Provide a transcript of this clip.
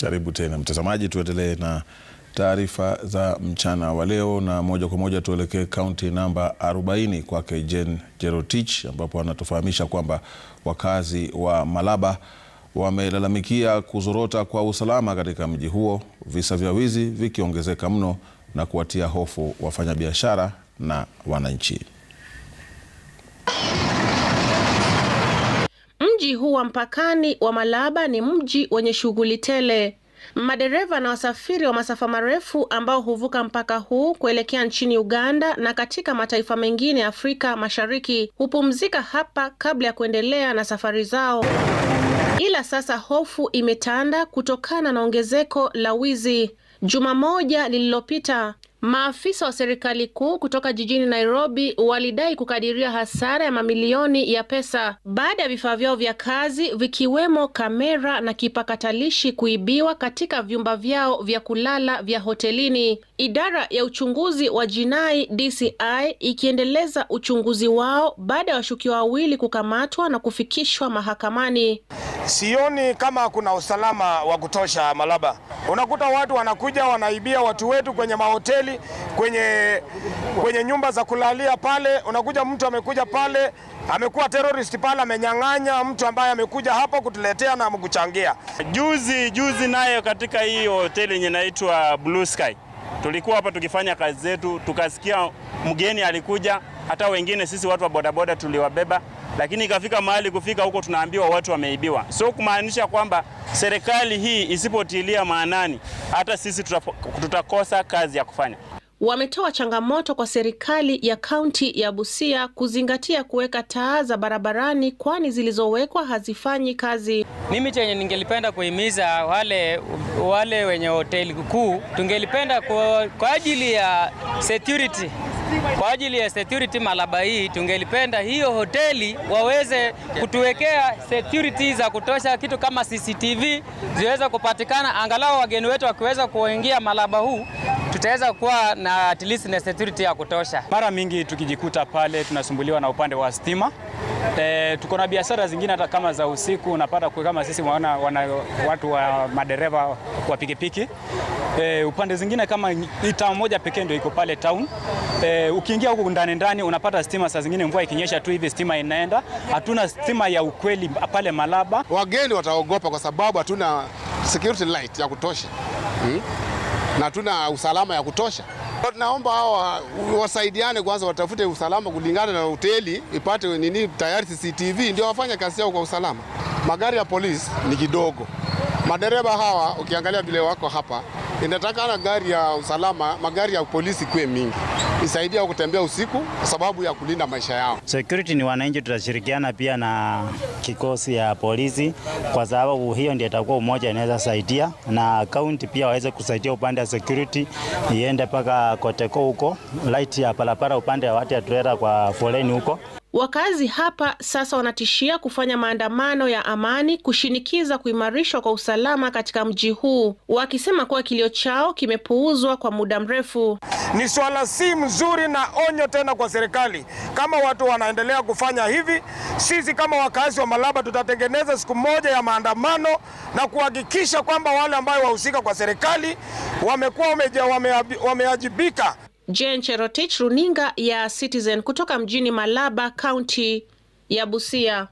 Karibu tena mtazamaji, tuendelee na taarifa za mchana wa leo, na moja kwa moja tuelekee kaunti namba 40 kwake Jane jerotich ambapo anatufahamisha kwamba wakazi wa Malaba wamelalamikia kuzorota kwa usalama katika mji huo, visa vya wizi vikiongezeka mno na kuwatia hofu wafanyabiashara na wananchi. Mji huu wa mpakani wa Malaba ni mji wenye shughuli tele. Madereva na wasafiri wa masafa marefu ambao huvuka mpaka huu kuelekea nchini Uganda na katika mataifa mengine Afrika Mashariki hupumzika hapa kabla ya kuendelea na safari zao. Ila sasa hofu imetanda kutokana na ongezeko la wizi. Juma moja lililopita Maafisa wa serikali kuu kutoka jijini Nairobi walidai kukadiria hasara ya mamilioni ya pesa baada ya vifaa vyao vya kazi vikiwemo kamera na kipakatalishi kuibiwa katika vyumba vyao vya kulala vya hotelini. Idara ya uchunguzi wa jinai DCI ikiendeleza uchunguzi wao baada ya washukiwa wawili kukamatwa na kufikishwa mahakamani. Sioni kama kuna usalama wa kutosha Malaba. Unakuta watu wanakuja wanaibia watu wetu kwenye mahoteli, kwenye, kwenye nyumba za kulalia pale. Unakuja mtu amekuja pale amekuwa terrorist pale, amenyang'anya mtu ambaye amekuja hapa kutuletea na amekuchangia. Juzi juzi nayo katika hii hoteli yenye inaitwa Blue Sky tulikuwa hapa tukifanya kazi zetu, tukasikia mgeni alikuja, hata wengine sisi watu wa bodaboda tuliwabeba lakini ikafika mahali kufika huko tunaambiwa watu wameibiwa. So kumaanisha kwamba serikali hii isipotilia maanani, hata sisi tutakosa kazi ya kufanya. Wametoa changamoto kwa serikali ya kaunti ya Busia kuzingatia kuweka taa za barabarani kwani zilizowekwa hazifanyi kazi. Mimi chenye ningelipenda kuhimiza wale, wale wenye hoteli kuu tungelipenda kwa, kwa ajili ya security kwa ajili ya security Malaba hii tungelipenda hiyo hoteli waweze kutuwekea security za kutosha, kitu kama CCTV ziweze kupatikana, angalau wageni wetu wakiweza kuingia Malaba huu tutaweza kuwa na at least na security ya kutosha. Mara mingi tukijikuta pale tunasumbuliwa na upande wa stima. E, tuko na biashara zingine hata kama za usiku unapata kama sisi wana, wana, watu wa madereva wa pikipiki e, upande zingine kama ita town moja pekee ndio iko pale town e, ukiingia huku ndani ndani unapata stima, saa zingine mvua ikinyesha tu hivi stima inaenda. Hatuna stima ya ukweli pale Malaba. Wageni wataogopa kwa sababu hatuna security light ya kutosha hmm? na hatuna usalama ya kutosha naomba hawa wasaidiane kwanza, watafute usalama kulingana na hoteli ipate nini tayari CCTV, ndio wafanya kazi yao kwa usalama. Magari ya polisi ni kidogo, madereva hawa ukiangalia vile wako hapa Inatakana gari ya usalama, magari ya polisi kuwe mingi, isaidia kutembea usiku kwa sababu ya kulinda maisha yao. Security ni wananchi, tutashirikiana pia na kikosi ya polisi, kwa sababu hiyo ndio itakuwa umoja, inaweza saidia na kaunti pia waweze kusaidia upande wa security, iende mpaka Koteko huko, light ya parapara upande wa watu ya trailer kwa foleni huko Wakazi hapa sasa wanatishia kufanya maandamano ya amani kushinikiza kuimarishwa kwa usalama katika mji huu, wakisema kuwa kilio chao kimepuuzwa kwa muda mrefu. Ni swala si mzuri na onyo tena kwa serikali. Kama watu wanaendelea kufanya hivi, sisi kama wakazi wa Malaba tutatengeneza siku moja ya maandamano na kuhakikisha kwamba wale ambayo wahusika kwa serikali wamekuwa wameajibika. Jane Cherotich, runinga ya Citizen kutoka mjini Malaba, kaunti ya Busia.